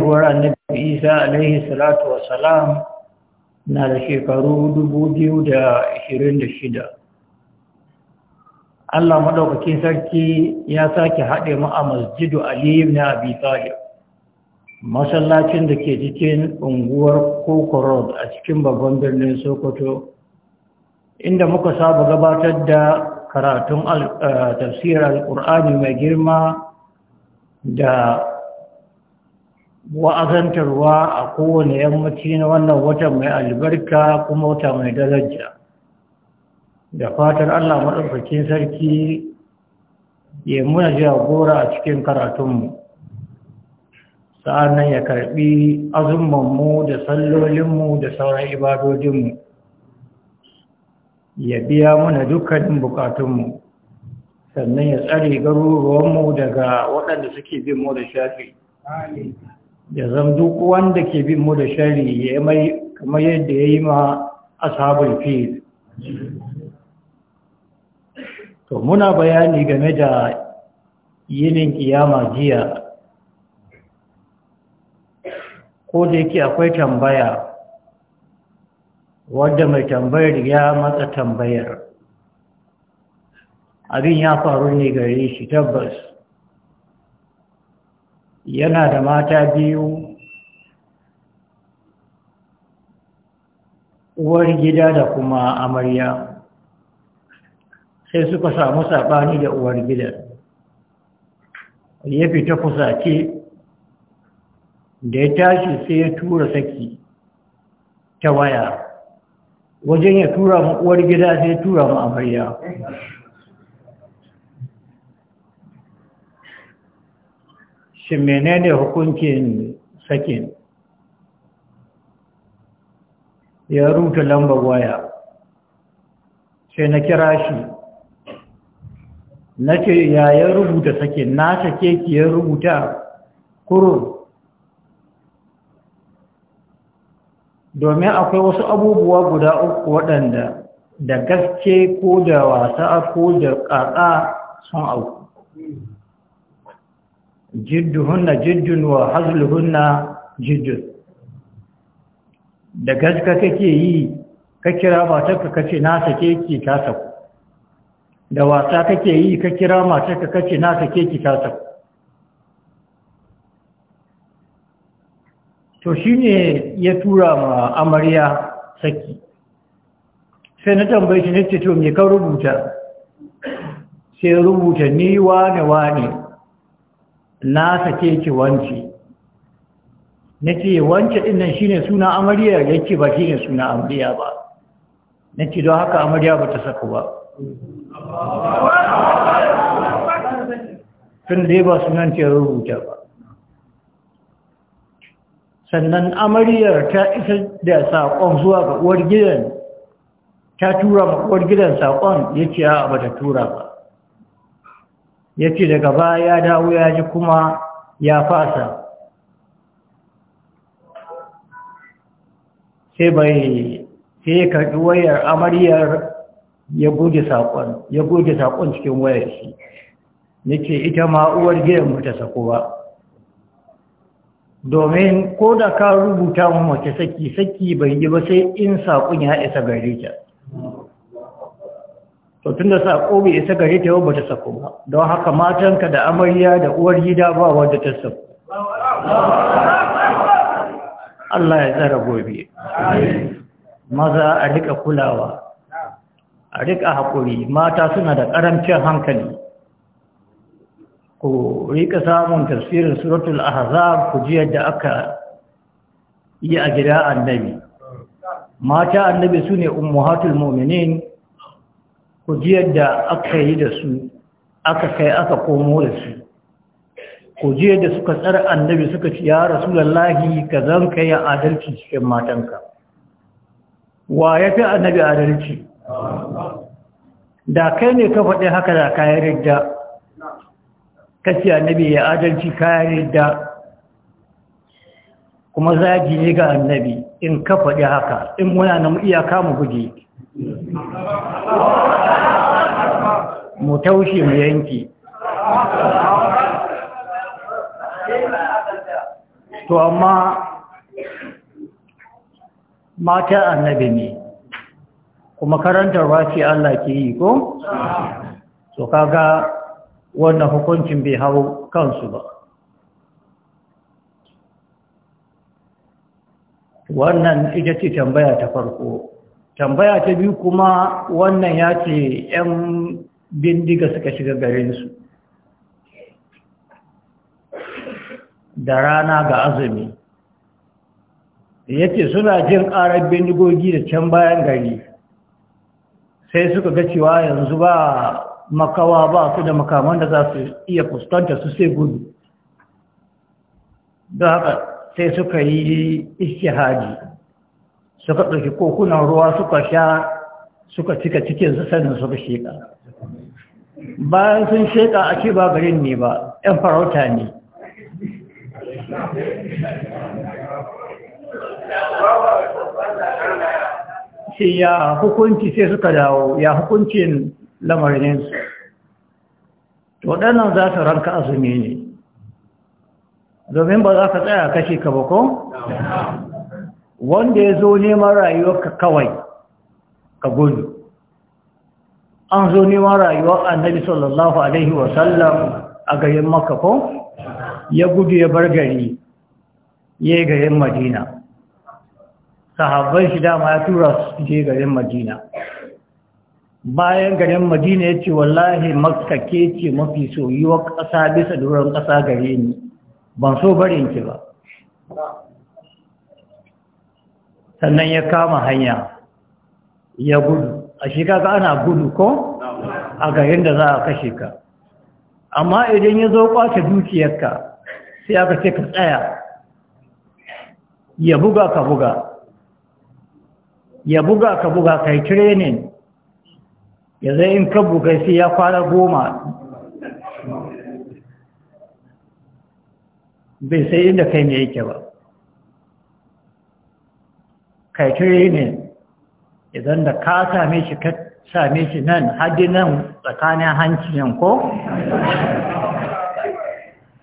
ruwar annabi isa alaihi salatu salam na da shekaru shida. Allah maɗaukakin sarki ya sake haɗe mu a masjidu aliyu na abi talib masallacin da ke cikin unguwar koko a cikin babban birnin sokoto inda muka saba gabatar da karatun eh, tafsirar alƙur'ani mai girma da wa'azantarwa a kowane yammaci na wannan watan mai albarka kuma wata mai daraja da fatan Allah maɗaukakin sarki ya muna jagora a cikin karatunmu sa'annan ya karɓi mu da sallolin mu da sauran ibadojinmu ya biya muna dukkanin bukatunmu sannan ya tsare garuruwanmu daga waɗanda suke bin mu da shafi da zan duk wanda ke bin mu da shari ya mai kamar yadda ya yi ma sabon fil to muna bayani game da yinin kiyama jiya ko da yake akwai tambaya wadda mai tambayar ya matsa tambayar abin ya faru ne gare shi tabbas yana da mata biyu uwar gida da kuma amarya sai suka samu saɓani da uwar gida ya fita fusace da ya tashi sai ya tura saki ta waya wajen ya tura mu uwar gida sai ya tura mu amarya shi menene hukuncin sakin ya rubuta lambar waya sai na kira shi na ce ya rubuta sakin na sake ki ya rubuta kuro domin akwai wasu abubuwa guda uku waɗanda da gaske ko da wasa ko da ƙaƙa sun auku jidduhunna jiddun wa hazluhunna jiddun da gaska kake yi ka kira matarka kace na sake ki ta saku da wasa kake yi ka kira matarka kace na sake ki ta saku to shine ya tura ma amarya saki sai na tambaye shi ce to me ka rubuta sai rubuta ni wane ne. na sake ki wanci nace wance din nan shine suna amarya yake ba shine suna amarya ba nace don haka amarya ba ta saku ba tun dai ba sunan ce rubuta ba sannan amaryar ta isa da saƙon zuwa ga uwar gidan ta tura ga uwar gidan saƙon ya ce a ba ta tura ba ya ce daga baya ya dawo ya ji kuma ya fasa sai bai sai ya wayar amaryar ya goge saƙon ya goge saƙon cikin wayar shi ce ita ma uwar gidanmu ta sako ba domin ko da ka rubuta mu mace saki saki bai yi ba sai in saƙon ya isa gare ta to tun da sako bai isa gare ta yau bata sako ba don haka matanka da amarya da uwar gida ba wadda ta sako Allah ya tsara gobe maza a rika kulawa a rika haƙuri mata suna da ƙarancin hankali ku rika samun tafsirin suratul ahzab ku ji yadda aka yi a gida annabi mata annabi su ne ummuhatul mu'minin kujiyar da aka yi da su aka kai aka komo da su kujiyar da suka tsara annabi suka ci ya rasulallahi ka zan kai ya adalci cikin matanka wa ya fi annabi adalci da kai ne ka faɗi haka da kayan da, kaci annabi ya adalci kayan da kuma zagi ne ga annabi in ka faɗi haka in muna na iyaka mu buge mu taushe mu yanki to amma mata annabi ne kuma karantar ce Allah ke yi ko? to kaga wannan hukuncin bai hau kansu ba wannan ita ce tambaya ta farko tambaya ta biyu kuma wannan ya ce 'yan bindiga suka shiga garinsu da rana ga azumi ya suna jin ƙarar bindigogi da can bayan gari sai suka ga cewa yanzu ba makawa ba su da makaman da za su iya fuskanta su sai gudu da haka sai suka yi ishihaji suka ɗauki kokunan ruwa suka sha suka cika cikin sanin suka sheƙa bayan sun sheƙa a ba garin ne ba 'yan farauta ne shi ya hukunci sai suka dawo ya hukuncin lamarinsu to ɗanan za su ranka azumi ne domin ba za ka tsaya kashe ka ba ko wanda ya zo neman rayuwar ka kawai ka an zo neman rayuwar annabi sallallahu alaihi wasallam a garin makako ya gudu ya bar gari ya yi garin madina sahabbai shi dama ya tura su je garin madina bayan garin madina ya ce wallahi makka ce mafi soyuwa ƙasa bisa doron ƙasa gare ni ban so barin ki ba sannan ya kama hanya ya gudu a shekara ana gudu ko a garin da za a kashe ka amma idan ya zo kwace dukiyarka sai aka ce ka tsaya ya buga ka buga ya buga ka buga kai training ya zai in ka buga sai ya fara goma bai sai inda kai ne yake ba kai training idan da ka same shi ka same shi nan hadi nan tsakanin hanci yan ko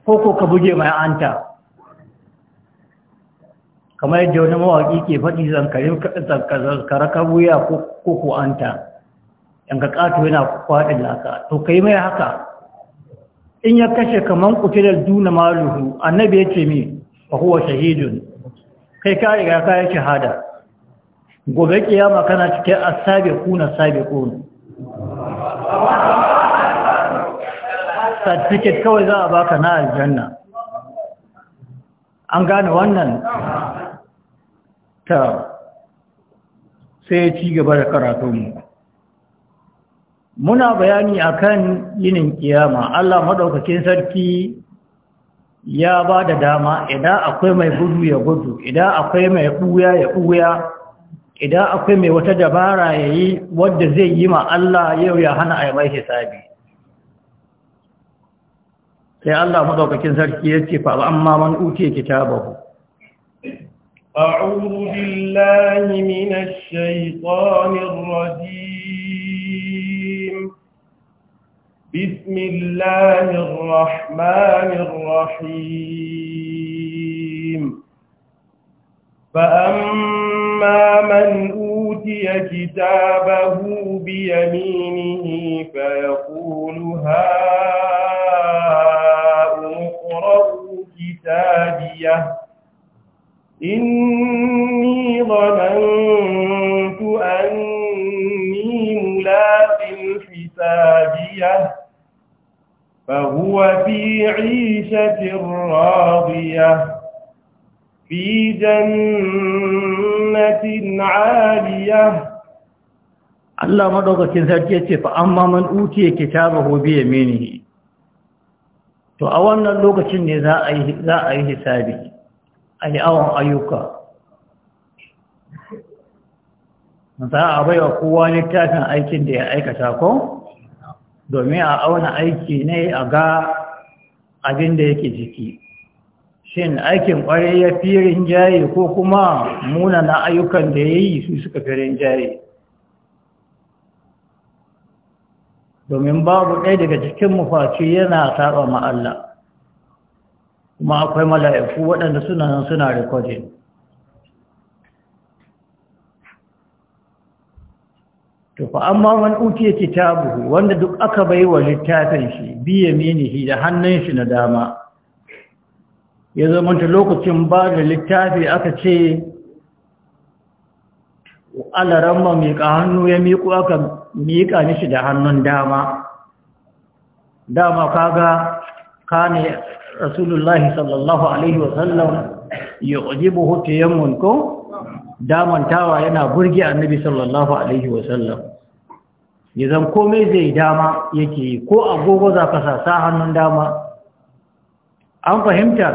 ko ko ka buge mai anta kamar yadda wani mawaƙi ke faɗi ka wuya ko ko anta yan ka ƙato yana kwaɗin laka to ka yi mai haka in ya kashe kaman kutilar duna maluhu annabi ya ce mi fa huwa shahidun kai ka riga ka yi shahada gobe kiyama kana cike a kuna sabe kuna certificate kawai za a baka na aljanna an gane wannan ta sai ci gaba da karatunmu muna bayani akan yinin kiyama Allah madaukakin sarki ya ba da dama idan akwai mai gudu ya gudu idan akwai mai ɓuya ya ɓuya idan akwai mai wata dabara ya yi wadda zai yi ma Allah yau ya hana a mai hisabi sai Allah maɗaukakin sarki ya ce faɓa amma man uke kitabahu أعوذ بالله من الشيطان الرجيم بسم الله الرحمن الرحيم فأما من أوتي كتابه بيمينه فيقول ها أقرأ كتابيه إني ظننت أني ملاق حسابيه فهو في عيشة راضية في جنة عالية Allah madaukakin sarki yace fa amma man utiye kitabahu bi yaminihi to a wannan lokacin ne za a yi za a yi hisabi ai awon ayyuka za a baiwa kowa littafin aikin da ya aikata ko domin a auna aiki ne a ga abin da yake jiki shin aikin kwarai ya fi rinjaye ko kuma Muna na ayyukan da ya yi su suka fi rinjaye domin babu ɗaya daga cikin mafaci yana taɓa ma'alla. kuma akwai mala'iku waɗanda suna nan suna rikodin tufa amma wani uke kitabu wanda duk aka bai wa littafin shi biya minihi da hannun shi na dama ya zamanta lokacin ba da littafi aka ce alaramma miƙa hannu ya miƙo aka miƙa nishi da hannun dama dama kaga ne, rasulullah sallallahu alaihi wasallam ya ƙujibu hukiyan munko damantawa yana burge annabi sallallahu alaihi wasallam ya zan komai zai dama yake ko agogo za ka sa hannun dama an fahimta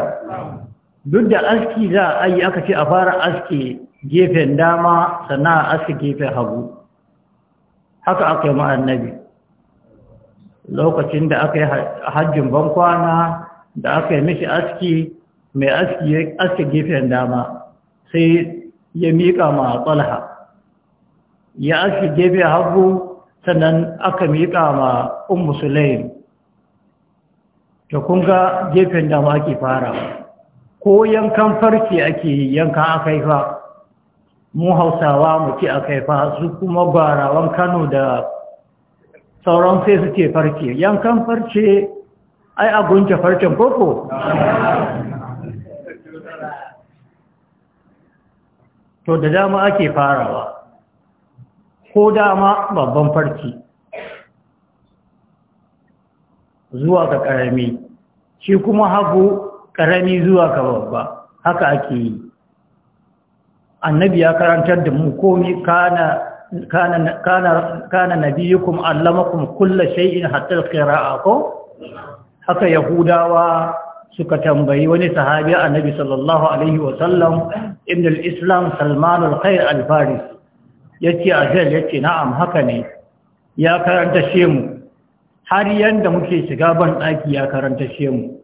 duk da aski za a yi aka ce a fara aski gefen dama sannan a aski gefen hagu haka aka yi ma'annabi lokacin da aka yi hajjin bankwana da aka yi mishi aski mai aski ya aski gefen dama sai ya miƙa ma tsalha ya aski gefen hagu sannan aka miƙa ma un musulayin to kun ga gefen dama ake ke fara ko yankan farce ake yanka yankan akaifa mu hausawa mu ci akaifa su kuma gwarawan kano da sauran sai su ce farce yankan farce ai a gunce farcen koko to da dama ake farawa ko dama babban farci zuwa ga ƙarami shi kuma hagu ƙarami zuwa ga babba haka ake yi annabi ya karantar da mu komi kana kana kana kana nabiyukum allamakum kullu shay'in hatta al-qira'a ko haka yahudawa suka tambayi wani sahabi annabi sallallahu alaihi wa sallam ibn al-islam salman al-khair al-faris yace ajal yace na'am haka ne ya karanta shemu har yanda muke shiga ban ɗaki ya karanta mu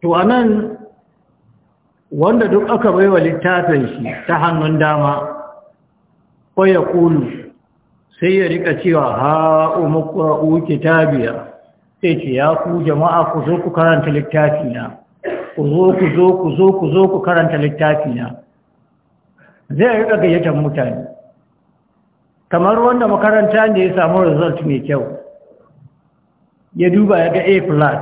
to anan wanda duk aka bai wa littafin shi ta hannun dama ko ya kulu, sai ya rika cewa ha'u muku kitabiya sai ce ya ku jama'a ku zo ku karanta littafina. ku zo ku zo ku zo ku karanta littafina. zai rika gayyatar mutane kamar wanda makaranta ne ya samu result mai kyau ya duba ya ga a flat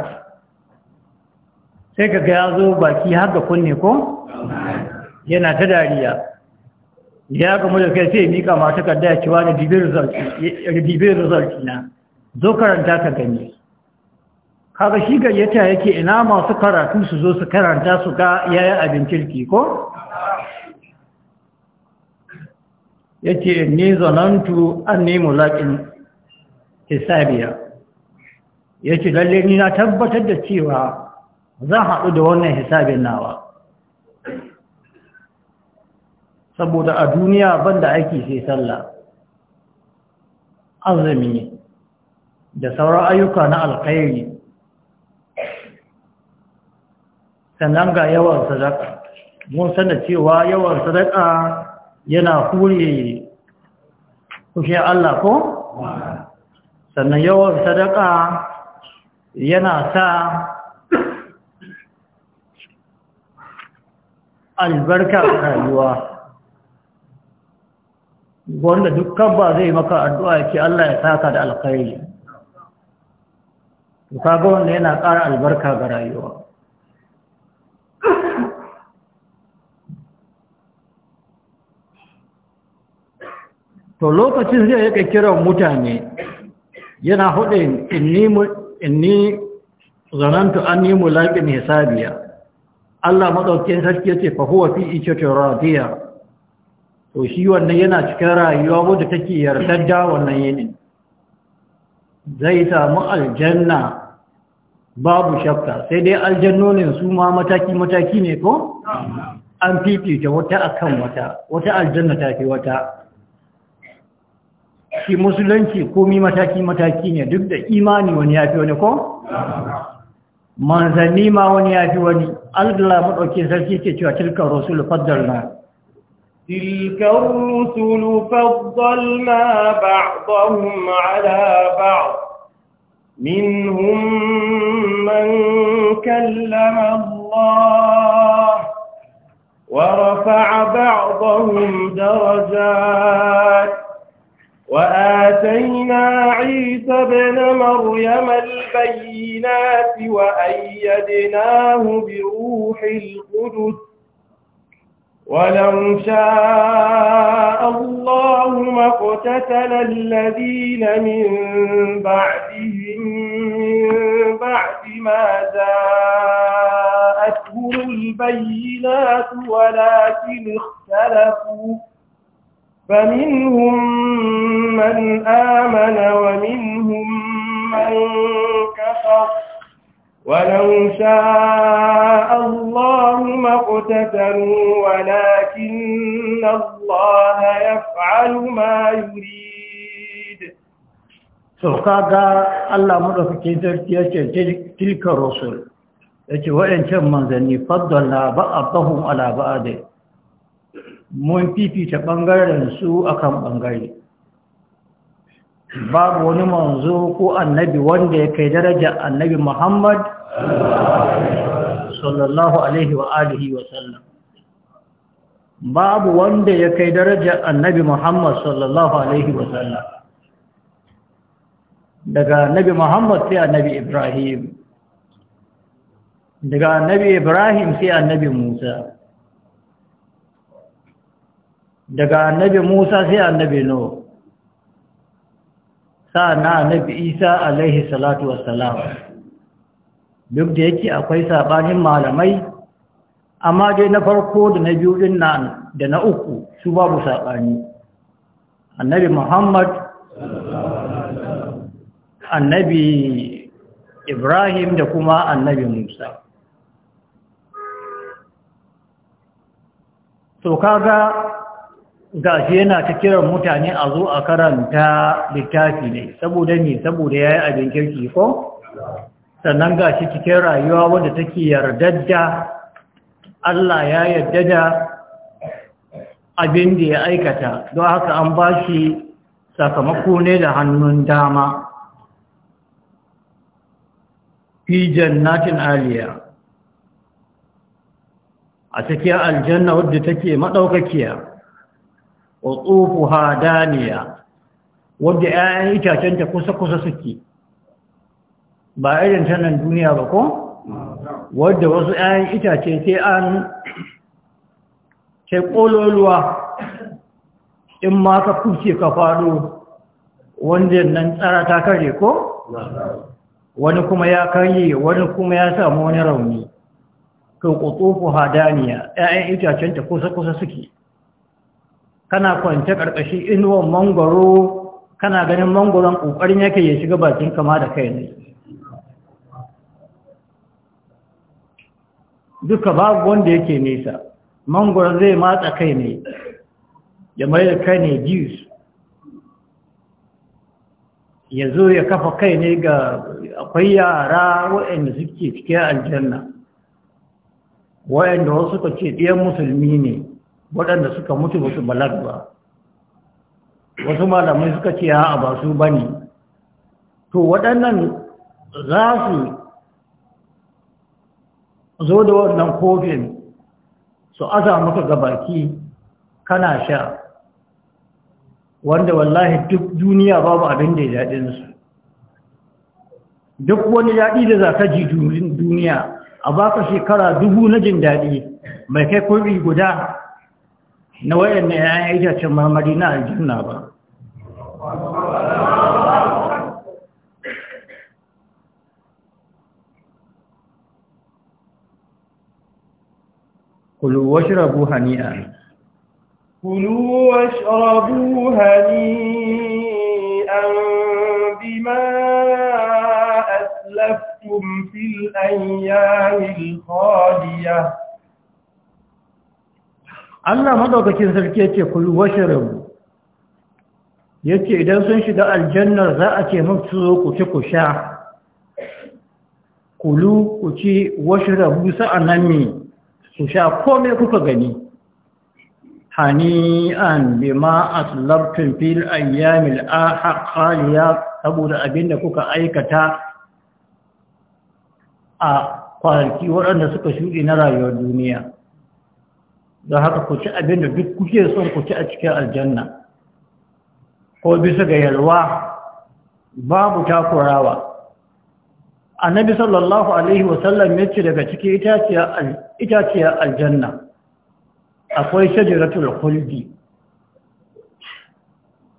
sai ka ga ya zo baki har da kunne ko yana ta dariya ya gamu da kai sai mika ma takarda ya cewa da bibiyar result na zo karanta ka gani kaga shi gayyata yake ina masu karatu su zo su karanta su ga 'ya'yan abin kirki ko ya ce ni zanantu an ne mulaƙin hisabiya ya ce lalle ni na tabbatar da cewa zan haɗu da wannan hisabin nawa saboda a duniya banda aiki sai sallah azumi da sauran ayyuka na alkhairi sannan ga yawan sadaka mun sanar cewa yawan sadaka yana hure kushe Allah ko sannan yawan sadaka yana sa albarka rayuwa wanda dukkan ba zai maka addu'a yake Allah ya saka da alkhairi ga wanda yana ƙara albarka ga rayuwa to lokacin zai yake kiran mutane yana hudin inni zanantu an yi mulaƙin hisabiya Allah maɗaukin sarki ya ce fahuwa fi ikikin radiya to shi wannan yana cikin rayuwa wadda take yardar da wannan yini zai samu aljanna babu shakka sai dai aljannonin su ma mataki-mataki ne ko? an fifita wata akan wata wata aljanna ta fi wata shi musulunci komi mataki-mataki ne duk da imani wani ya fi wani ko? manzanni ma wani ya fi wani algala maɗauki sarki ke cewa tilkar rasulu faddar na tilkar rasulu faddar na ba'adahun ala ba'ad minhum man kallama Allah ورفع بعضهم درجات وآتينا عيسى بن مريم البينات وأيدناه بروح القدس ولو شاء الله ما اقتتل الذين من بعدهم من بعد ما جاءتهم البينات ولكن اختلفوا فمنهم من آمن ومنهم من كفر ولو شاء الله ما اقتتلوا ولكن الله يفعل ما يريد سوكاغا الله مدفكين تركيا تلك وإن كان فضلنا بعضهم على mun fifita ɓangaren su akan ɓangare babu wani manzo ko annabi wanda ya kai daraja annabi muhammad sallallahu alaihi wa alihi wa sallam babu wanda ya kai daraja annabi muhammad sallallahu alaihi wa sallam daga annabi muhammad sai annabi ibrahim daga annabi ibrahim sai annabi musa daga annabi Musa sai annabi Nuhu na annabi Isa alaihi salatu wassalam duk da yake akwai sabanin malamai amma dai na farko da na biyu din nan da na uku su babu sabani annabi Muhammad annabi Ibrahim da kuma annabi Musa. To kaga gashi yana ta kiran mutane a zo a karanta littafi ne saboda ne saboda ya yi abin kirki ko sannan gashi cikin rayuwa wadda take yardadda Allah ya yarda da abin da ya aikata don haka an ba shi sakamako ne da hannun dama fi jannatin aliya a cikin aljanna wadda take maɗaukakiya wa ha daniya wadda 'ya'yan itacenta kusa-kusa suke ba irin ta nan duniya ba ko wadda wasu 'ya'yan itace sai an sai ƙololuwa in ma ka kuce ka faɗo wanda nan tsara ta kare ko wani kuma ya karye wani kuma ya samu wani rauni kan ƙutsufu hadaniya 'ya'yan itacenta kusa-kusa suke kana kwance ƙarƙashin inuwan mangoro kana ganin mangoron kokarin yake ya shiga bakin kama da kai ne duka babu wanda yake nesa mangoron zai matsa kai ne ya mai da kai ne ya zo ya kafa kai ne ga akwai yara waɗanda suke cike aljanna waɗanda wasu ka ce ɗiyan musulmi ne waɗanda suka mutu ba su balar ba wasu malamai suka ce ha ba su ba ne to waɗannan za su zo da wannan kofin su aza maka gabaki kana sha wanda wallahi duk duniya babu abin da ya su. duk wani daɗi da za ka ji duniya a baka shekara dubu na jin daɗi mai kai kurbi guda نوين اجت مدينه الجنه با كلوا واشربوا هنيئا كلوا واشربوا هنيئا بما أسلفتم في الأيام الخالية Allah madaukakin sarki yace kulu washrabu yace idan sun shiga aljanna za a ce musu zo ku ci ku sha kulu ku ci washrabu sa'annan ne su sha komai kuka gani hani'an bima aslabtum fil ayyamil ahqaliya saboda abinda kuka aikata a kwanaki waɗanda suka shuɗe na rayuwar duniya don haka ku ci abin da duk kuke son ku ci a cikin aljanna ko bisa ga yalwa babu takurawa annabi sallallahu alaihi wasallam ya ce daga cikin itaciyar aljanna akwai shajaratul khuldi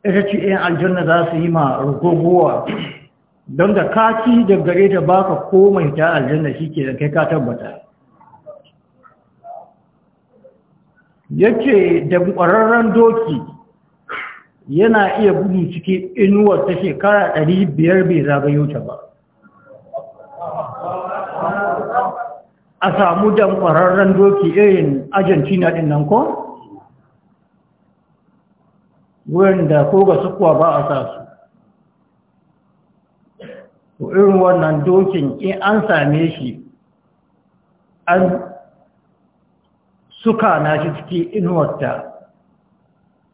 ita ce yan aljanna za su yi ma rugogowa don da kaci da gare ta baka komai ta aljanna shi ke da kai ka tabbata yake da ƙwararren doki yana iya gudu cikin inuwar ta shekara 500 bai zagayo ta ba a samu da ƙwararren doki irin argentina din nan ko wanda ko ga sukuwa ba a sa su irin wannan dokin in an same shi an suka na shi ciki inuwarta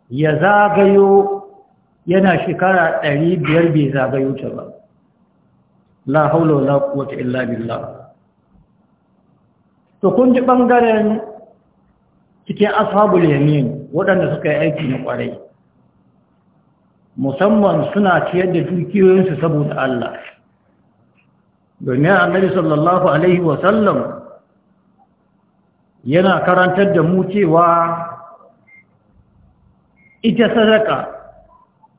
ya zagayo yana shekara ɗari biyar bai zagayo ta ba la haula wala quwwata illa billah to kun ji bangaren cikin ashabul yamin waɗanda suka yi aiki na ƙwarai musamman suna ciyar da dukiyoyinsu saboda Allah domin annabi sallallahu alaihi wa sallam yana karantar da mu cewa ita sadaka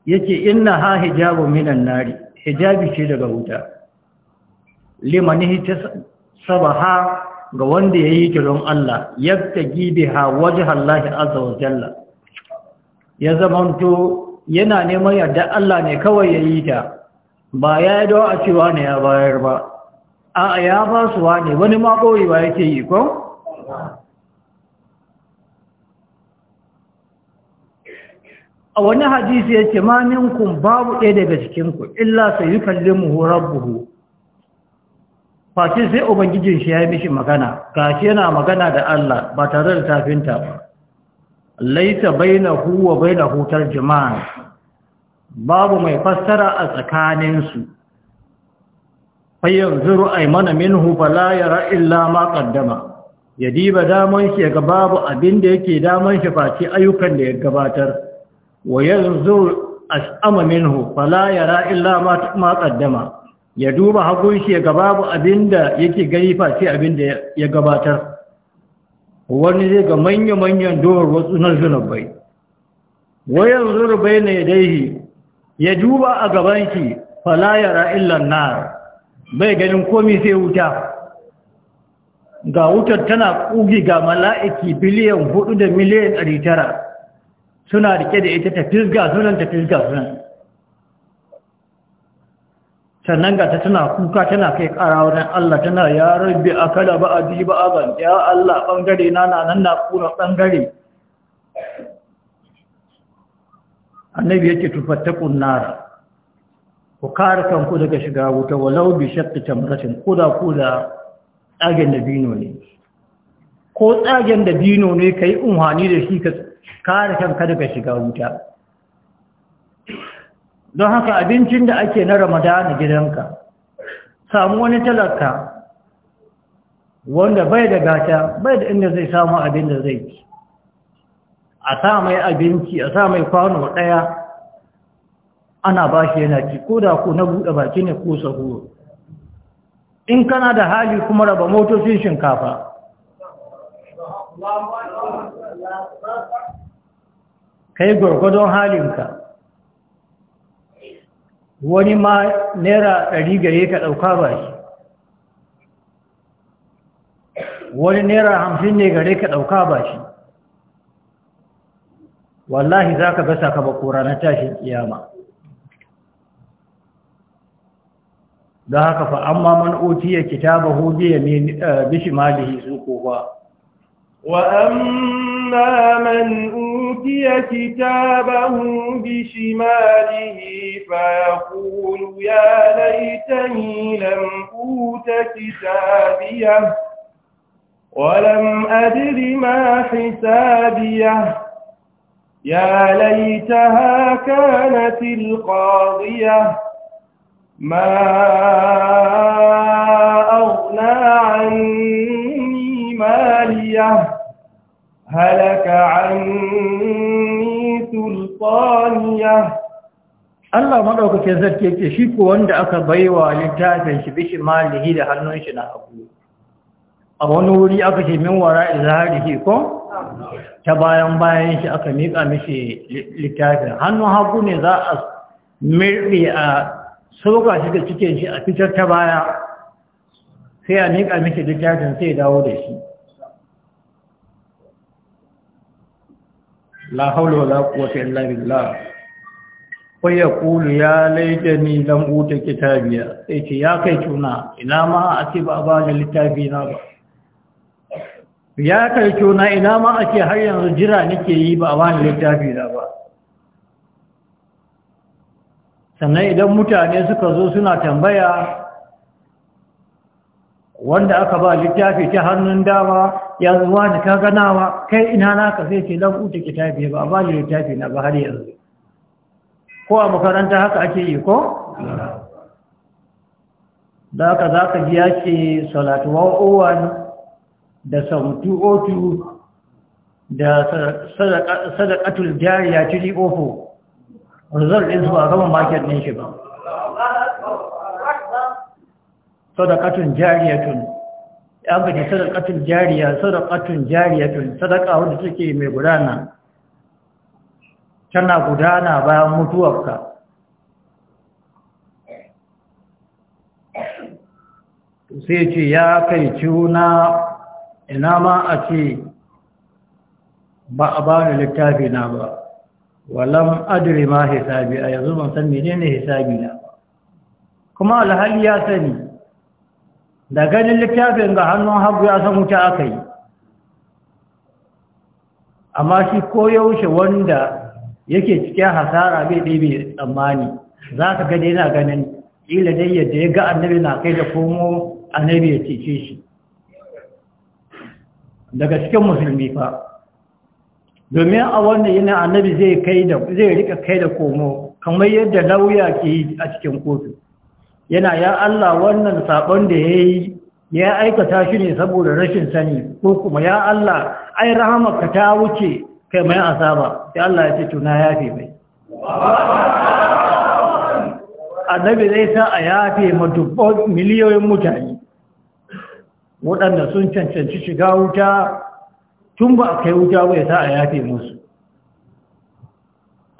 yake inna ha hijabu minan nari hijabi ce daga wuta limani sabaha ga wanda yayi ta don Allah yabtagi biha wajhallahi azza wa jalla ya zamanto yana neman yarda Allah ne kawai yayi ta ba ya yi a cewa ne ya bayar ba a ya ba su wani wani ma ba yake yi ko a wani hadisi ya ce maminkun babu ɗaya daga cikinku illa sai yi kallin muhu rabbuhu face sai ubangijin shi ya yi mishi magana gashi yana magana da Allah ba tare da tafinta ba laita bai na hutar jima'a babu mai fassara a tsakaninsu fayyar zuru mana minhu fala yara illa ma ƙaddama, ya diba daman shi ga babu abin da yake daman shi face ayyukan da ya gabatar وينظر أسأم منه فلا يرى إلا ما ما قدم يدوب حقوش يقباب أبند يكي غريفة في أبند يقباتر ونزيق من يمن يندور Ya duba a بين يديه يدوب Yara, فلا يرى إلا النار komai sai wuta. ga wutar tana ƙugi ga mala'iki biliyan 4 da miliyan ɗari suna rike da ita ta fisga sunan ta fisga sunan sannan ga ta tana kuka tana kai ƙara wajen Allah tana ya rabbi a kada ba a ji ba a ban ya Allah ɓangare na na nan na kuna ɓangare annabi yake tufattakun nara ku kare kanku daga shiga wuta walau bi shakka tamratin koda koda tsagen da bino ne ko tsagen da bino ne ka yi umhani da shi ka kare kanka daga shiga wuta don haka abincin da ake na ramadana gidanka samu wani talaka wanda bai da gata bai da inda zai samu abin da zai ci a sa mai abinci a sa mai kwano ɗaya ana ba shi yana ci ko da ku na buɗe baki ne ko sahuro in kana da hali kuma raba motocin shinkafa kai gwargwadon halinka wani ma naira ɗari gare ka ɗauka ba shi wani naira hamsin ne gare ka ɗauka ba shi wallahi za ka gasa ka bakora ranar tashin kiyama don haka fa amma man otiya kitaba hudiya ne bishi eh, malihi su kowa wa amma أما من أوتي كتابه بشماله فيقول يا ليتني لم أوت كتابيه ولم أدر ما حسابيه يا ليتها كانت القاضية ما أغنى عني ماليه هلك عني سلطانيه Allah maɗaukacin zarki yake shi ko wanda aka baiwa littafin shi bishi malihi da hannun shi na hagu a wani wuri aka ce min wara izaharihi ko ta bayan bayan shi aka miƙa mishi littafin hannun hagu ne za a mirɗe a sauka shi da cikin shi a fitar ta baya sai a miƙa mishi littafin sai dawo da shi la haula wala quwwata illa billah fa yaqulu ya laitani lam uta kitabiya sai ce ya kai tuna ina ma a ce ba ba da littafi na ba ya kai tuna ina ma a ce har yanzu jira nake yi ba ba da littafi na ba sannan idan mutane suka zo suna tambaya wanda aka ba littafi ta hannun dama ya zuwa da ka ganawa kai ina naka sai ce lan uta kitabi ba ba littafi na ba har yanzu ko a makaranta haka ake yi ko da za ka ji yake ce salatu 101 da Samtu Otu, da sadakatul jariya 304 result ɗinsu ba a gama market ɗin shi ba sadaqatun jariyatun an bada sadaqatun jariya sadaqatun jariyatun sadaqa wanda take mai gudana tana gudana bayan mutuwarka sai ce ya kai ciuna ina ma a ce ba a bani littafi na ba walam adri ma hisabi a yanzu ban san menene hisabi na kuma alhali ya sani da ganin littafin ga hannun hagu ya san wuta aka yi amma shi koyaushe wanda yake cikin hasara bai ɗebe tsammani za ka gani yana ganin ila dai yadda ya ga annabi na kai da komo annabi ya cece shi daga cikin musulmi fa domin a wannan yana annabi zai rika kai da komo kamar yadda lauya ke yi a cikin kotu yana ya Allah wannan sabon da ya yi ya aikata shi ne saboda rashin sani ko kuma ya Allah ai ka ta wuce kai mai asaba ya Allah ya ce to na yafe mai annabi zai sa a yafe ma dubban miliyoyin mutane waɗanda sun cancanci shiga wuta tun ba a kai wuta bai sa a yafe musu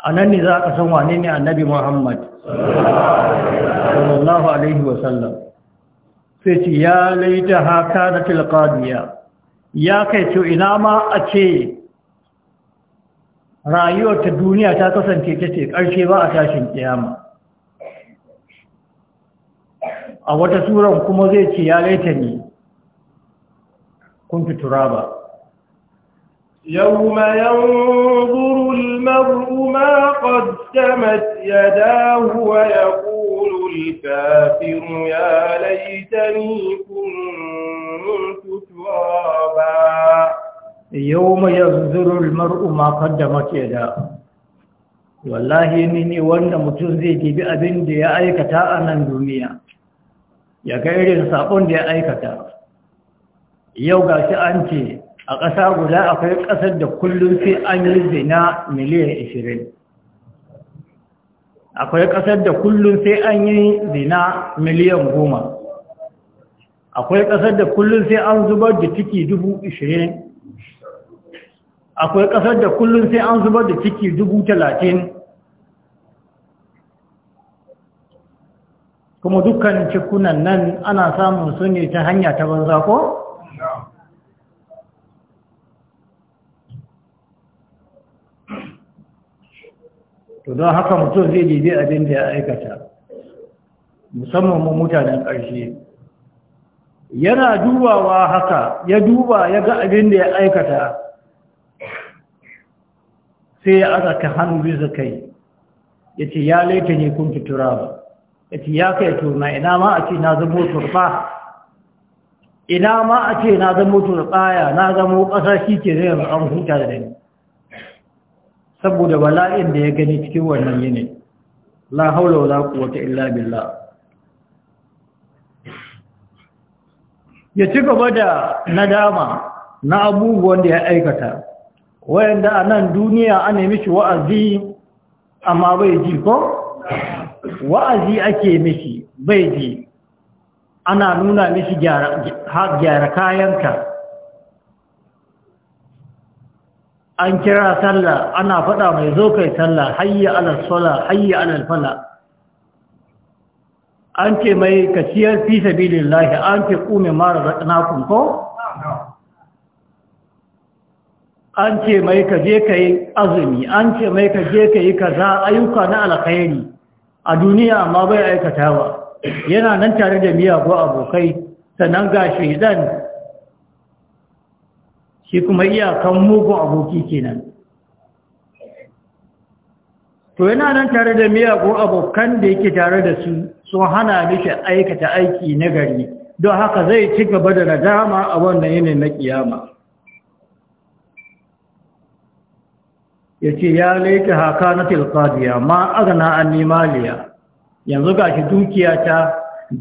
a nan ne za ka san wane ne annabi muhammad sallallahu alaihi wasallam sai ce ya laita haka da tilkadiya ya kai ce ina ma a ce rayuwar ta duniya ta kasance ta ce ƙarshe ba a tashin kiyama a wata suran kuma zai ce ya laita ne kun fi turaba يوم ينظر المرء ما قدمت يداه ويقول الكافر يا ليتني كنت ترابا يوم ينظر المرء ما قدمت يداه wallahi ni ne wanda mutum zai gibi abin da ya aikata a nan duniya ya ga irin sabon da ya aikata yau ga shi an ce a ƙasa guda akwai ƙasar da kullum sai an yi zina miliyan 20 akwai ƙasar da kullum sai an yi zina miliyan 10 akwai ƙasar da kullum sai an zubar da ciki 20 akwai ƙasar da kullum sai an zubar da ciki 30 kuma dukkan cikunan nan ana samun su ne ta hanya ta banza ko? to don haka mutum zai jibi abin da ya aikata musamman mu mutanen ƙarshe yana dubawa haka ya duba ya ga abin da ya aikata sai ya azaka hannu bisa kai ya ce ya laita ne kun tutura ba ya ce ya kai tuna ina ma a ce na zamo turba ina ma a ce na zamo turbaya na zamo ƙasa shi ke zai an huta da ni saboda bala'in da ya gani cikin wannan yini la haula wala quwwata illa billah ya ci gaba da nadama na abubuwan da ya aikata wayanda a nan duniya an nemi shi wa'azi amma bai ji ko wa'azi ake mishi bai ji ana nuna mishi gyara kayanka an kira sallah ana faɗa mai zo kai sallah hayya ala Sallah, hayya ala fala an ce mai kaciyar fi sabilillahi an ce kume mara zaɗinakun ko? an ce mai ka je ka yi azumi an ce mai ka je ka yi kaza ayyuka na alkhairi a duniya amma bai aikata ba yana nan tare da miyagun abokai sannan ga shaidan shi kuma iyakan mugun aboki kenan to yana nan tare da miyagun abokan da yake tare da su sun hana mishi aikata aiki na gari don haka zai ci gaba da nadama a wannan yanayin na kiyama ya ce ya laika haka na tilkadiya ma agana an nemaliya yanzu ga shi dukiya ta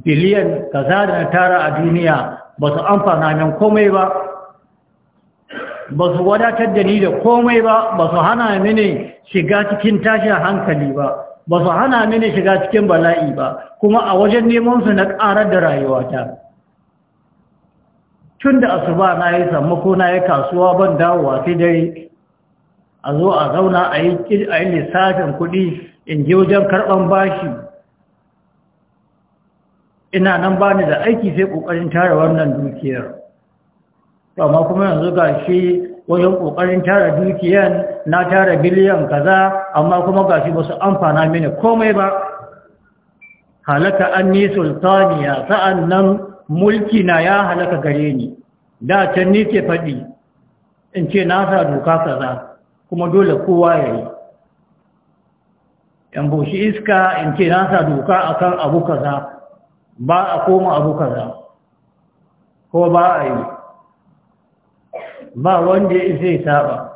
biliyan kaza da tara a duniya ba su amfana min komai ba ba su wadatar da ni da komai ba ba su hana mini shiga cikin tashin hankali ba ba su hana mini shiga cikin bala'i ba kuma a wajen neman su na ƙarar da rayuwata tun da asuba na yi sammako na yi kasuwa ban dawowa sai dai a zo a zauna a yi lissafin kuɗi in je wajen karɓan bashi ina nan bani da aiki sai ƙoƙarin tara wannan dukiyar amma kuma yanzu ga shi wajen ƙoƙarin tara dukiyan na tara biliyan kaza amma kuma ga shi amfana mini komai ba halaka an ni sultaniya sa'an nan mulki na ya halaka gare ni da can ni ke faɗi in ce na sa doka kaza kuma dole kowa ya yi yan boshi iska in ce na sa doka akan abu kaza ba a koma abu kaza ko ba a yi ba wanda ya zai saba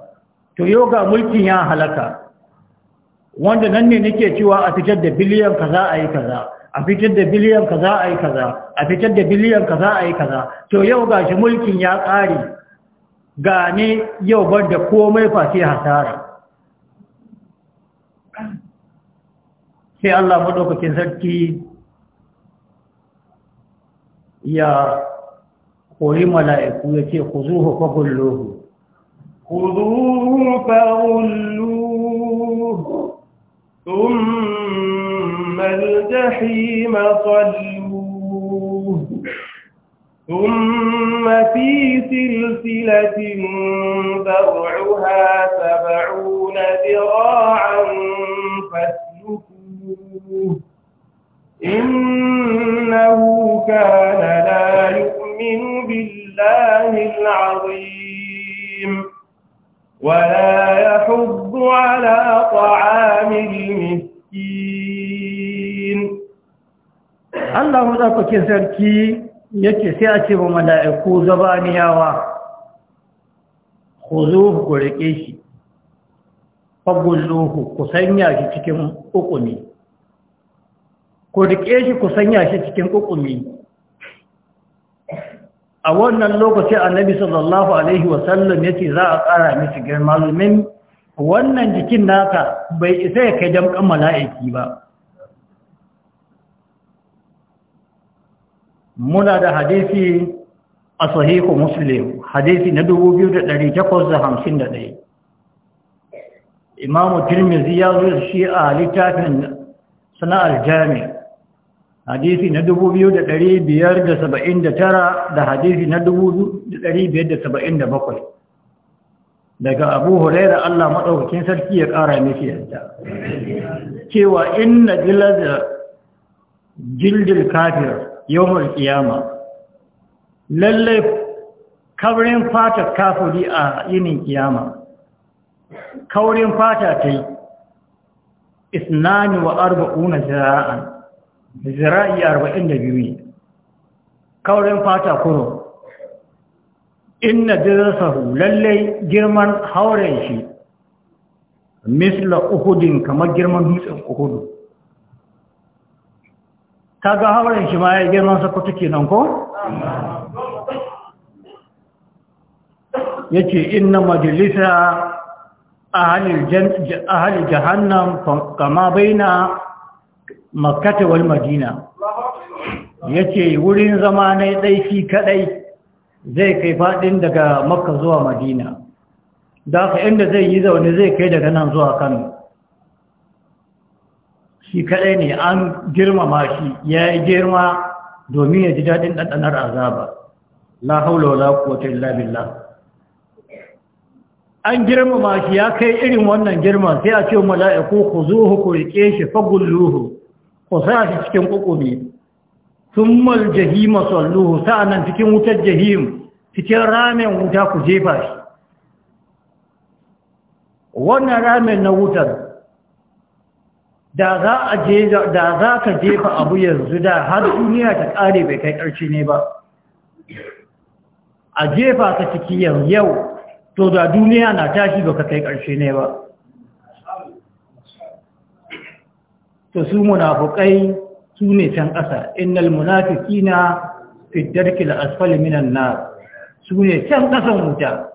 to yoga mulkin ya halaka wanda nan ne nake cewa a fitar da biliyan kaza a yi kaza a fitar da biliyan kaza a yi kaza a fitar da biliyan kaza a yi kaza to yau ga shi mulkin ya ƙare ne yau bar da komai face hasara sai Allah madaukakin sarki ya kori mala'iku ya ce ku zuhu fa ku zuhu ثم الجحيم صلوه ثم في سلسلة ذرعها سبعون ذراعا فاسلكوه إنه كان لا يؤمن يؤمن بالله العظيم ولا يحب على طعام المسكين الله yake sai a ce ba mala'iku zabaniyawa ku zo ku riƙe shi fagulluhu ku sanya shi cikin ƙuƙumi ku sanya shi cikin ƙuƙumi a wannan lokacin annabi sallallahu alaihi wasallam yake za a ƙara misi girma domin wannan jikin naka bai isa ya kai kan mala'iki ba muna da hadisi a sahihu muslim hadisi na 2851 imamu tirmizi ya zo shi a littafin sana'ar jami hadisi na 2579 da hadisi na 2577 daga abu huraira Allah maɗaukakin sarki ya ƙara mafi yadda cewa inna jilada jildil kafir yawon kiyama lallai kaurin fata kafuri a yinin kiyama kaurin fata ta yi isnani wa arba'una jira'an zira'i arba'in da biyu ne kaurin fata kuro inna dirsahu lallai girman hauren shi misla uhudin kamar girman dutsen uhudu ta ga hauren shi ma ya girman sakwato kenan ko? ya ce inna majalisa a halin jahannam kama baina makkata wal madina ce wurin zama na dai shi kadai zai kai fadin daga makka zuwa madina da ka inda zai yi zaune zai kai daga nan zuwa kano shi kadai ne an girmama shi ya yi girma domin ya ji daɗin ɗanɗanar azaba la haula wala quwwata illa billah an girmama shi ya kai irin wannan girma sai a ce mala'iku khuzuhu ku rike shi fagulluhu ku sa shi cikin kukumi thummal jahima salluhu sa'annan cikin wutar jahim cikin ramen wuta ku jefa shi wannan ramen na wutar da za a je da za ka jefa abu yanzu da har duniya ta kare bai kai ƙarshe ne ba a jefa ka ciki yau to da duniya na tashi ba ka kai ƙarshe ne ba to su munafukai su ne can ƙasa innal munafiqina fi darkil asfali minan nar su ne can ƙasan wuta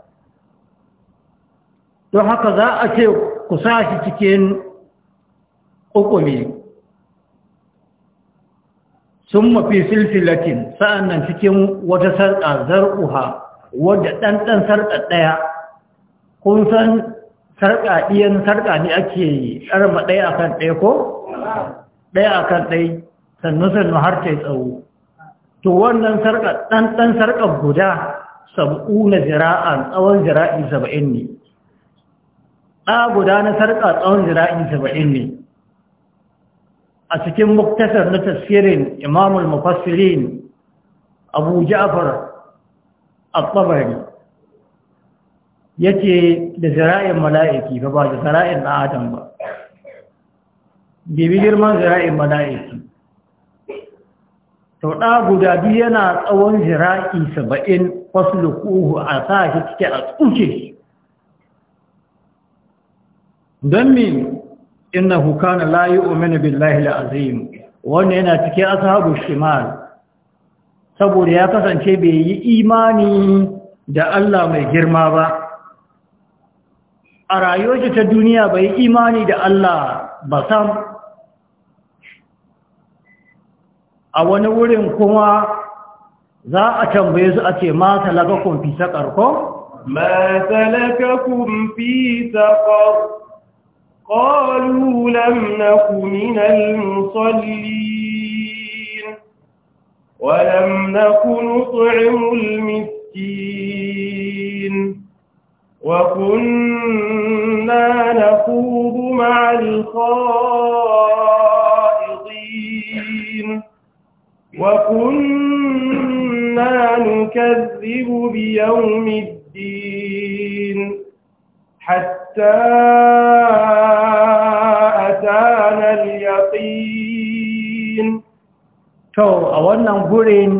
don haka za a ce ku sa shi cikin hukumi sun mafi silsilatin sa'annan cikin wata sarƙa zar'uha wadda ɗanɗan sarƙa ɗaya kun san sarƙa ɗiyan sarƙa ne ake yi ɗarma ɗaya a kan ɗaya ko? ɗaya a kan ɗai sannu sannu har ta yi tsawo to wannan sarƙa ɗanɗan sarƙar guda sabu na jira'an tsawon jira'i saba'in ne ɗa guda na sarƙa tsawon jira'i saba'in ne a cikin muktasar na tasirin imamul mufassirin abu ja'far a ƙwabari yake da zira'in mala'iki ba ba da zira'in na ba bibi girman zira'in mala'iki to da guda biyu yana tsawon zira'i saba'in wasu kuhu a sa shi cike a tsuke don min inna hukana layi ominu billahi la'azim wanda yana cike ashabu shimal saboda ya kasance bai yi imani da Allah mai girma ba a rayuwar ta duniya bai yi imani da Allah ba sam a wani wurin kuma za a tambaye su ake mata laga kumfi ta ƙarko? mata laga kumfi ta ƙarko ƙolulan na kuminan musalli ولم نكن طعم المسكين وكنا نخوض مع الخاص وكنا نكذب بيوم الدين حتى أتانا اليقين to a wannan gurin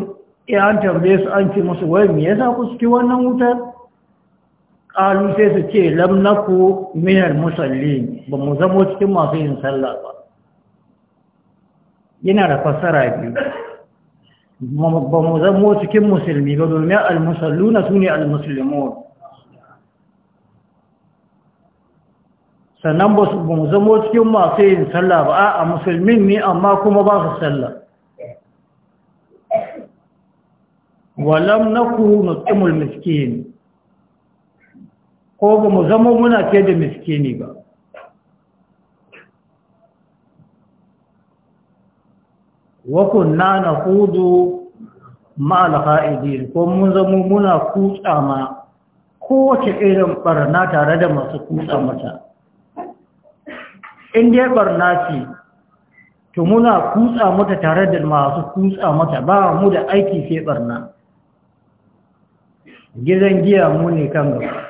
an tambaye su an ce musu wai me yasa ku suke wannan wutar ƙalu sai su ce lamnaku minar musallin ba mu zamo cikin masu yin sallah ba yana da fassara biyu ba mu zamo cikin musulmi ba domin almusalluna su ne almusulmun sannan ba mu zamo cikin masu yin sallah ba a musulmin ne amma kuma ba su sallah walam na ku miskin ko ba mu zama muna ke da miskini ba wa na naqudu ma'al qa'idin ko mun zama muna kutsa ma kowace irin barna tare da masu kutsa mata in dai barna ce to muna kutsa mata tare da masu kutsa mata ba mu da aiki sai barna gidan giya mu ne kan gaba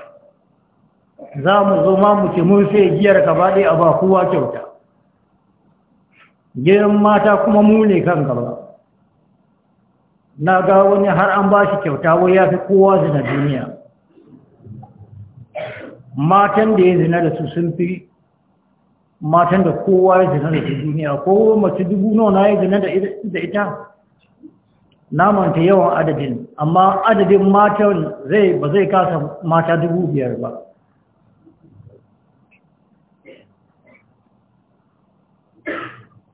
za mu zo ma mu ce mun sai giyar ka ba a ba kowa kyauta gidan mata kuma mu ne kan gaba na ga wani har an ba shi kyauta wai ya fi kowa zina duniya matan da ya zina da su sun fi matan da kowa ya zina da su duniya ko mace dubu nawa na ya zina da ita namanta yawan adadin amma adadin matan ba zai kasa mata dubu biyar ba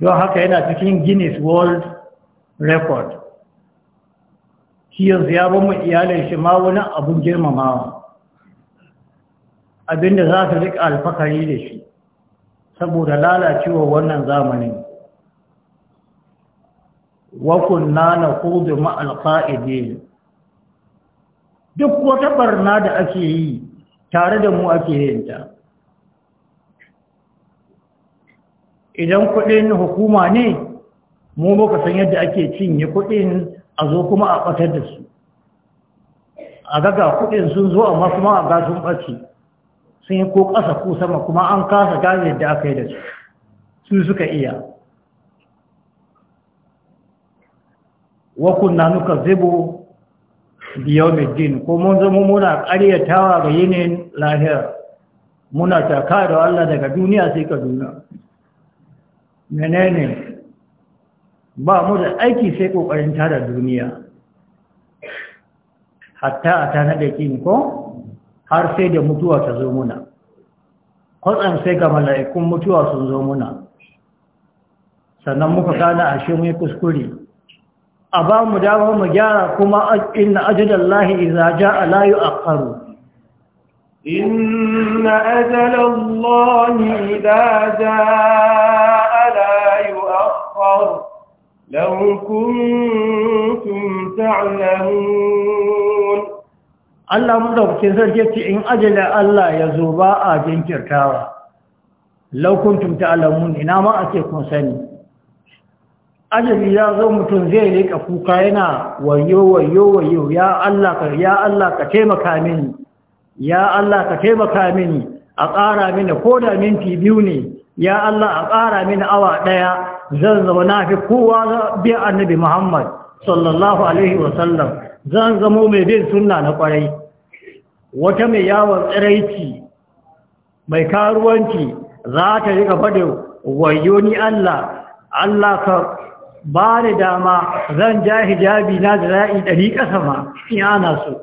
don haka yana cikin guinness world record shi yanzu ya ba mu iyalin shi ma wani abun girmamawa abinda za su rika alfakari da shi saboda lalacewa wannan zamanin wakunna na kudu ma'alƙa'ide duk wata barna da ake yi tare da mu ake yinta idan kuɗin hukuma ne mu muka san yadda ake cinye kuɗin a zo kuma a ɓatar da su a gaga kuɗin sun zo amma kuma a ga sun ɓace sun yi ko ƙasa ko sama kuma an kasa gane yadda aka yi da su su suka iya wakun na nuka zibo biyomiddin ko mun zama muna ƙaryatawa ga yinin lahira muna taka da Allah daga duniya sai ka duna menene ba mu da aiki sai kokarin tada duniya hatta a tana da kin ko har sai da mutuwa ta zo muna kwatsam sai ga mala'ikun mutuwa sun zo muna sannan muka gane ashe mu yi kuskure a ba mu dawo mu gyara kuma inna ajalallahi idza jaa la yu'akhkharu Inna, أجل الله إذا لا يؤخر لو كنتم تعلمون الله madaukakin sarki yace in ajala Allah ya zo ba a jinkirtawa law kuntum ta'lamun ina ma ake ajali ya zo mutum zai rika kuka yana wayo wayo wayo ya Allah ka ya Allah ka taimaka mini ya Allah ka taimaka mini a ƙara mini ko da minti biyu ne ya Allah a ƙara mini awa ɗaya zan zama na fi kowa biya annabi Muhammad sallallahu Alaihi wasallam zan zamo mai bin suna na ƙwarai wata mai yawon tsiraici mai karuwanci za ta riƙa da wayo ni Allah Allah ka ba ni dama zan ja hijabi na da ra'i ɗari ƙasa ma ina so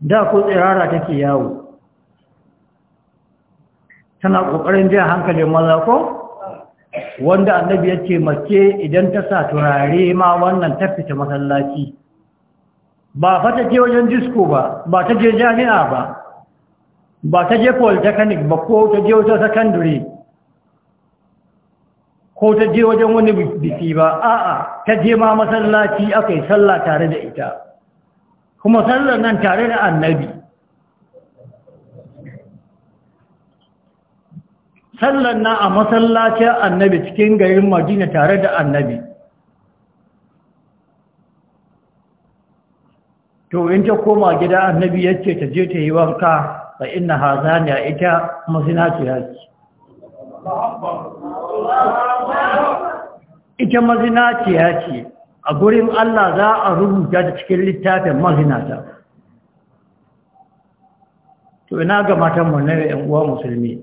da ku tsirara take yawo tana kokarin jiya hankalin maza ko wanda annabi ya ce mace idan ta sa turare ma wannan ta fita masallaci ba fa ta je wajen disko ba ba ta je jami'a ba ba ta je polytechnic ba ko ta je wajen secondary ko ta je wajen wani biki ba a'a ta je ma masallaci aka yi sallah tare da ita kuma sallar nan tare da annabi sallan na a masallacin annabi cikin garin madina tare da annabi to in ta koma gida annabi ya ce ta je ta yi wanka fa inna hazaniya ita mazinaciya ce ita mazinaciya ce a gurin Allah za a rubuta ta cikin littafin mazinata to ina ga matan mu na yan uwa musulmi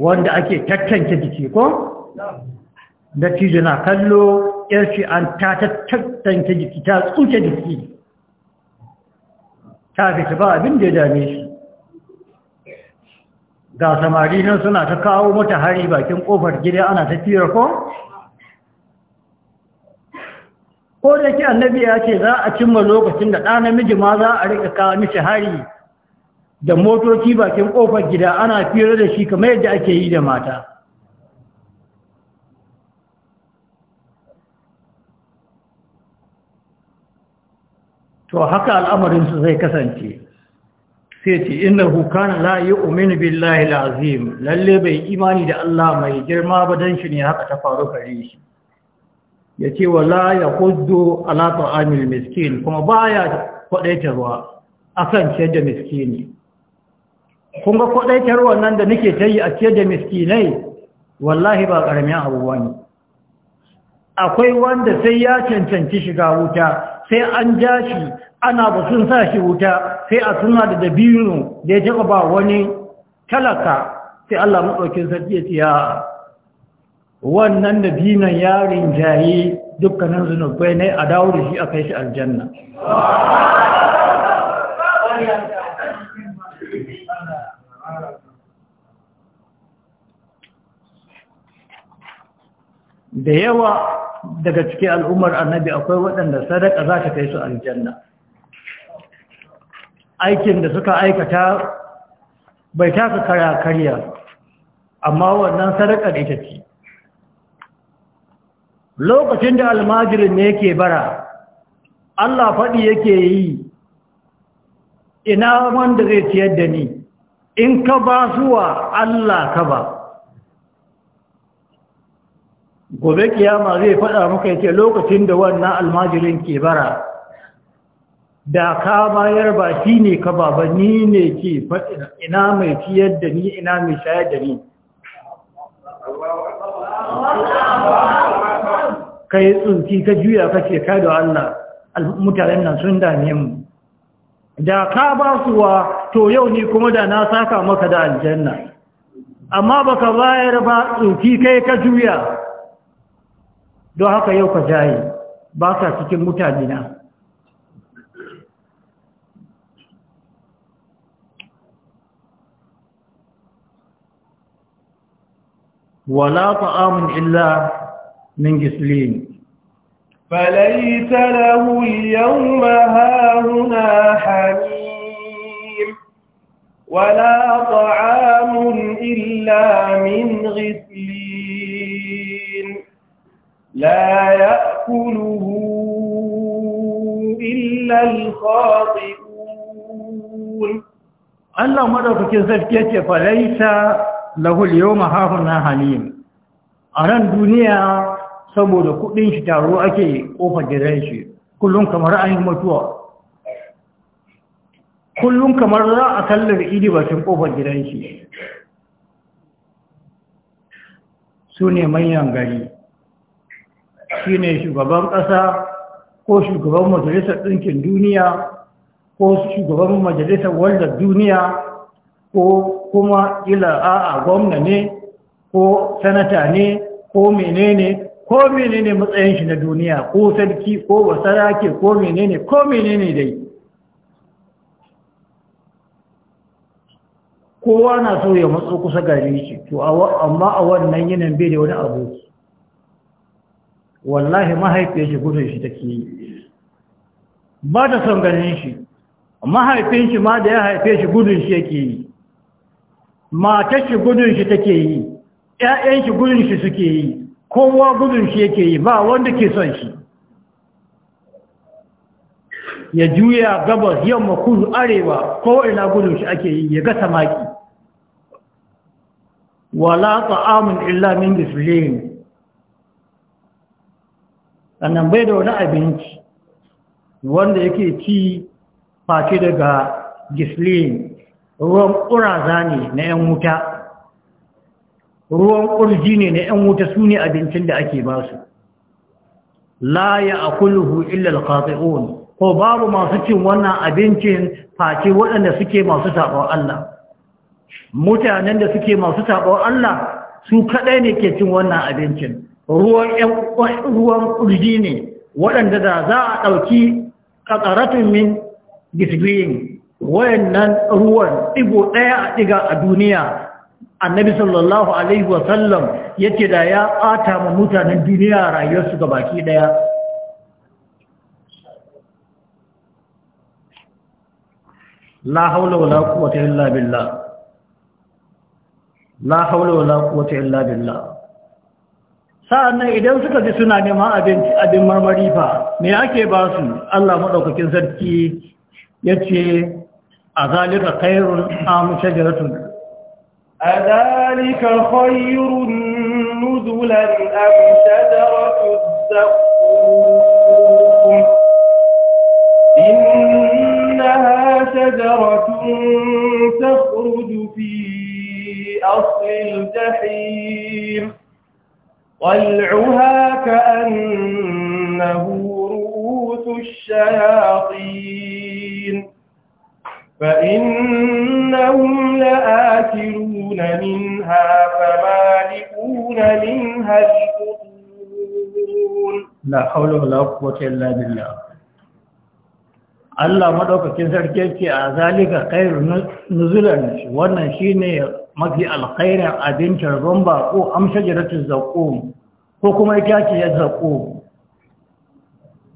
wanda ake tattance jiki ko da tijo na kallo yarci an ta tattance jiki ta tsuke jiki ta fita ba abin da ya dame shi ga samari nan suna ta kawo mata hari bakin kofar gida ana ta ko ko da ke annabi ya ce za a cimma lokacin da ɗa namiji ma za a riƙa kawo mishi hari da motoci bakin ƙofar gida ana fiye da shi kamar yadda ake yi da mata to haka al'amarinsu zai kasance sai ce inna hukana la yi umini billahi lazim lalle bai imani da Allah mai girma ba don shi ne haka ta faru kare shi ya ce wa la ya kudu alaƙar amil miskin kuma ba ya kwaɗaita ruwa a kan ciyar da miskini kun ga kwadaitar wannan da nake ta yi a ce da miskinai wallahi ba ƙaramin abubuwa ne akwai wanda sai ya cancanci shiga wuta sai an ja shi ana basun sa shi wuta sai a suna da dabino da ya taɓa ba wani talaka sai Allah maɗaukin sarki ya tsiya wannan dabinon yarin jaye dukkanin zunubai ne a dawo da shi a kai shi aljanna da yawa daga cikin al'ummar annabi akwai waɗanda sadaka za ta kai su aljanna aikin da suka aikata bai taka kara karya amma wannan sadakar ita ce lokacin da almajirin ne yake bara Allah faɗi yake yi ina wanda zai ciyar da ni in ka ba zuwa Allah ka ba gobe kiyama zai faɗa muka yace lokacin da wannan almajirin ke bara da ka bayar ba shi ne ka baba, ni ne ke ina mai ciyar da ni ina mai shayar da ni ka yi tsunki ka juya ka ce ka da Allah mutanen nan sun dame mu da ka ba suwa to yau ni kuma da na saka maka da aljanna amma baka bayar ba tsunki kai ka juya don haka yau ka jaye ba ka cikin mutane na wala ta'amun illa min gislin فليس له اليوم هاهنا حميم ولا طعام illa min غسلين لا يأكله إلا الخاطئون الله مدفك زفكيك فليس له اليوم هاهنا حليم أران دنيا saboda kudin shi taro ake kofar gidan shi kullum kamar an mutuwa kullum kamar za a kallar idi batun kofar gidan shi su ne manyan gari shi ne shugaban ƙasa ko shugaban majalisar ɗinkin duniya ko shugaban majalisar wanda duniya ko kuma ila a'a gwamna ne ko sanata ne ko menene ko menene matsayin shi na duniya ko sarki ko ke ko menene ko menene dai kowa na so ya matso kusa gare shi to amma a wannan yanayin bai da wani aboki wallahi mahaifiyar shi gudun shi take yi ba ta son ganin shi mahaifin shi ma da ya haife shi gudun shi yake yi matar shi gudun shi take yi ƴaƴan shi gudun shi suke yi kowa gudun shi yake yi ba wanda ke son shi ya juya gabas yamma kudu arewa ko ina gudun shi ake yi ya ga samaki wala ta'amun illa min disbilin sannan bai da wani abinci wanda yake ci face daga gislin ruwan ƙuraza ne na 'yan wuta ruwan ƙurji ne na 'yan wuta su ne abincin da ake ba su la ya akulhu illal qati'un ko babu masu cin wannan abincin face waɗanda suke masu taɓar Allah mutanen da suke masu taɓar Allah su kaɗai ne ke cin wannan abincin ruwan ruwan kurji ne waɗanda da za a ɗauki ƙasaratun min gisbiyin wayannan ruwan ɗigo ɗaya a ɗiga a duniya annabi sallallahu alaihi wasallam ya ce da ya ɓata ma mutanen duniya rayuwarsu ga baki ɗaya la haula wala quwwata illa billah la haula wala quwwata illa billah sa'annan idan suka ji suna neman abinci abin marmari fa me ake ba su Allah Maɗaukakin sarki ya ce a yace azalika khairun am A azalika kairun nuzulan am shajaratud zaqqum innaha shajaratun takhruju fi asli al-jahim طلعها كأنه رؤوس الشياطين فإنهم لآكلون منها فمالئون منها البطون لا حول ولا قوة إلا بالله Allah madaukakin sarki ce a zalika khairu nuzulan wannan shine mafi alkhairin abincin rumba ko amsha jiratun zaƙo ko kuma itaciyar zaƙo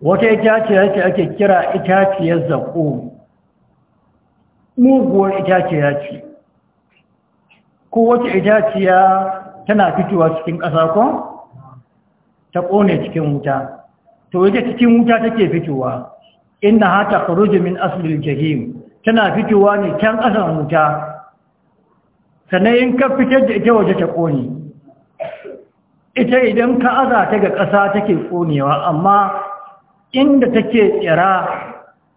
wata itaciyar ce ake kira itaciyar zaƙo muguwar itaciyar ce ko wata itaciya tana fitowa cikin ƙasa ko ta ƙone cikin wuta to ita cikin wuta take fitowa inna hata kharuju min aslil jahim tana fitowa ne can ƙasan wuta sannan in ka fitar da ita waje ta ƙone ita idan ka aza ta ga ƙasa take ƙonewa amma inda take tsira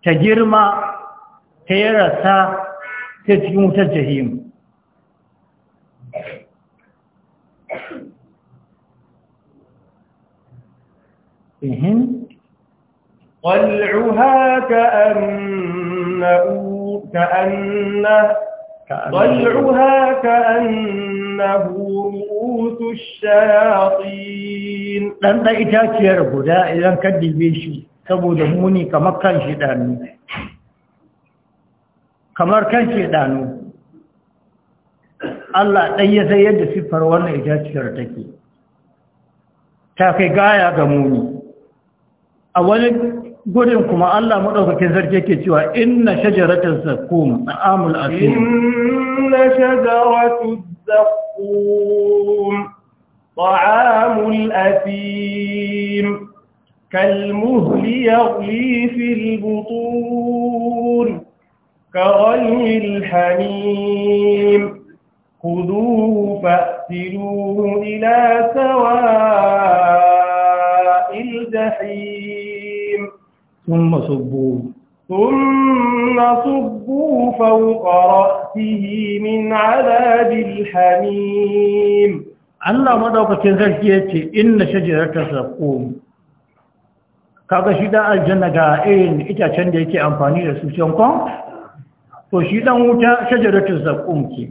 ta girma ta yi rasa ta cikin wutar jahim طلعها كأنه كأنه طلعها كأنه رؤوس الشياطين dan da itaciyar guda idan ka dibe shi saboda muni kamar kan shi danu kamar kan shi danu Allah dan ya san yadda siffar wannan itaciyar take ta kai gaya ga muni a wani gurin kuma Allah maɗaukakin sarki ke cewa inna shajaratar zakkum amul asim inna shajaratul zakkum ta'amul asim kalmuhl yaghli fil butun كغلي الحميم خذوه فأسلوه إلى سواء الجحيم ثم صبوه ثم صبوا فوق رأسه من عذاب الحميم Allah madaukakin sarki ya ce inna shajarata zaqum kaga shi ɗan aljanna ga irin itacen da yake amfani da su kwan? to shi ɗan wuta shajarata zaqum ke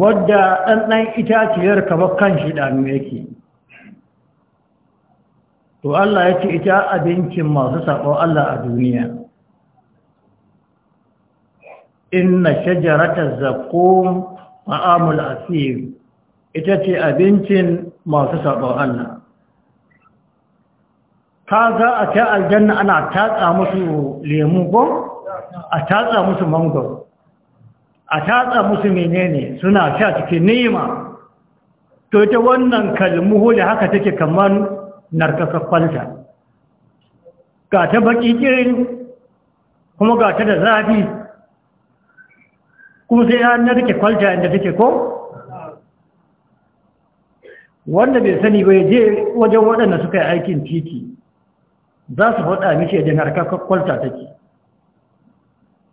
wadda dan dan itaciyar kamar kan shi ɗanu yake to Allah ya ce ita abincin masu saƙon Allah a duniya inna shajarata zakum ma'amul asir ita ce abincin masu saƙon Allah ta za a ta aljanna ana tatsa musu lemu ko a tatsa musu mango a tatsa musu menene suna sha cikin ni'ima to ita wannan kalmuhu da haka take kamar narkakakwanta ga ta baki kirin kuma ga ta da zafi kuma sai ya na take kwalta inda take ko wanda bai sani bai je wajen waɗanda suka yi aikin titi za su faɗa mishi yadda narkakar kwalta take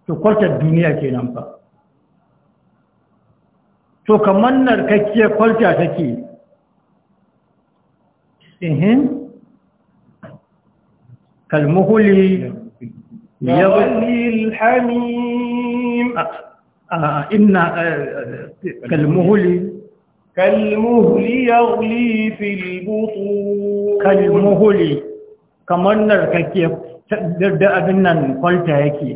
to kwaltar duniya ke nan fa to kamar narkakkiyar kwalta take كالمهل يغلي الحميم إن كالمهل كالمهل يغلي في البطون كالمهل كما narkake da abin nan kwalta yake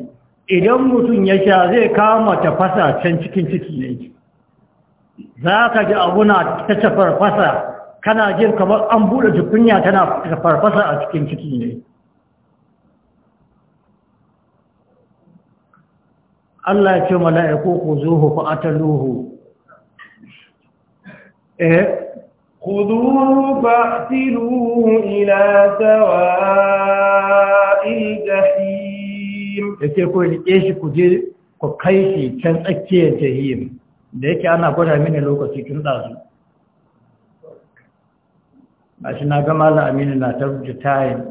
idan mutum ya sha zai kama ta fasa can cikin ciki ne za ka ji abuna ta tafar fasa kana jin kamar an buɗe jikunya tana farfasa a cikin ciki ne Allah ya ce mala'iku ku zuhu ku ataluhu eh khudhuhu fa'tiluhu ila sawa'il jahim yake ku ke shi ku je ku kai shi can tsakiyar jahim da yake ana gwada mini lokaci tun su. a na gama za aminu na ta tayin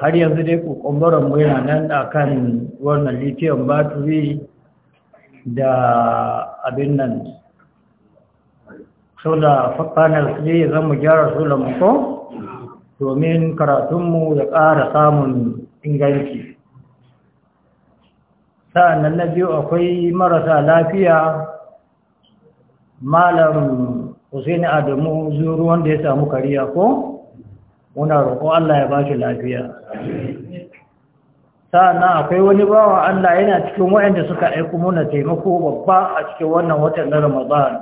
har yanzu dai kokombaran mu yana nan a kan wannan lithium battery da abin nan da panels ne zan mu gyara solar mu ko domin karatunmu ya ƙara samun inganci nan na biyu akwai marasa lafiya malam Hussein Adamu zuru wanda ya samu kariya ko muna roƙo Allah ya bashi lafiya sa'annan akwai wani bawa Allah yana cikin waɗanda suka aiko muna taimako babba a cikin wannan watan na Ramadan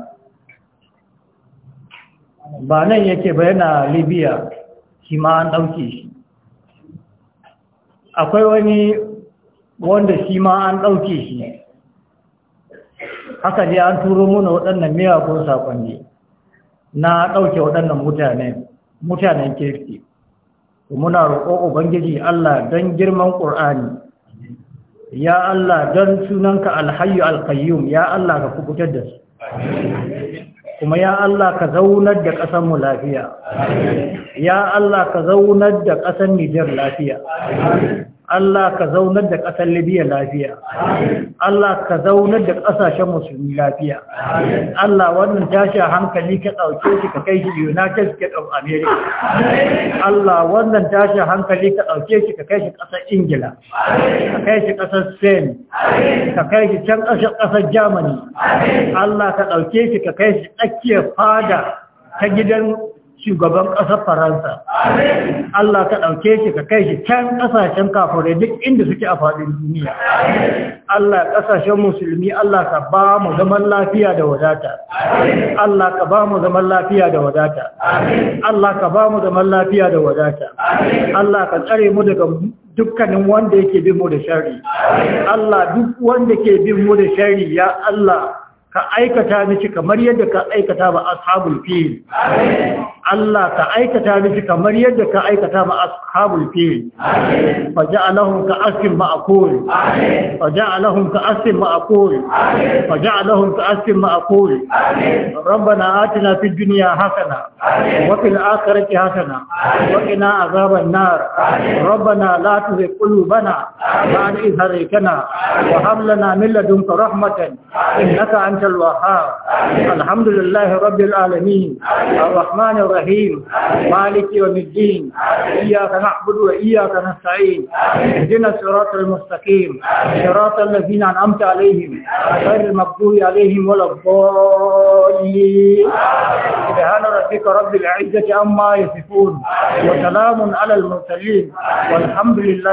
ba nan yake ba yana Libya shi ma an ɗauke shi akwai wani wanda shi ma an ɗauke shi haka dai an turo muna waɗannan miyakun sakonni na ɗauke waɗannan mutane mutanen kirki muna roƙo ubangiji Allah don girman ƙur'ani ya Allah don sunanka Alhayu alqayyum ya Allah ka kubutar da su kuma ya Allah ka zaunar da ƙasar mu lafiya ya Allah ka zaunar da ƙasar Nijar lafiya Allah ka zaunar da ƙasar Libya lafiya, Allah ka zaunar da ƙasashen musulmi lafiya, Allah wannan tashi hankali ka ɗauke shi ka kai shi United States of America, Allah wannan tashi hankali ka ɗauke shi ka kai shi ƙasar Ingila, ka kai shi ƙasar Spain, ka kai shi can ƙasar Germany, Allah ka ɗauke shi ka kai shi tsakiyar fada ta gidan shugaban ƙasar Faransa. Allah ka ɗauke shi ka kai shi can ƙasashen kafurai duk inda suke a faɗin duniya. Allah ƙasashen musulmi Allah ka ba mu zaman lafiya da wadata. Allah ka ba mu zaman lafiya da wadata. Allah ka ba mu zaman lafiya da wadata. Allah ka tsare mu daga dukkanin wanda yake bin mu da shari. Allah duk wanda ke bin mu da shari ya Allah ka aikata miki kamar yadda ka aikata ba ashabul fil Allah ka aikata miki kamar yadda ka aikata ba ashabul fil amin faja'alahum ka asim ma'qul amin faja'alahum ka asim ma'qul amin faja'alahum ka asim ma'qul amin rabbana atina fid dunya hasana wa fil akhirati hasana wa qina azaban nar rabbana la tuzigh qulubana ba'da idh hadaytana wa hab lana min ladunka rahmatan innaka أنت الوهاب الحمد لله رب العالمين الرحمن الرحيم مالك يوم الدين إياك نعبد وإياك نستعين اهدنا الصراط المستقيم صراط الذين أنعمت عليهم غير المغضوب عليهم ولا الضالين سبحان ربك رب العزة عما يصفون وسلام على المرسلين والحمد لله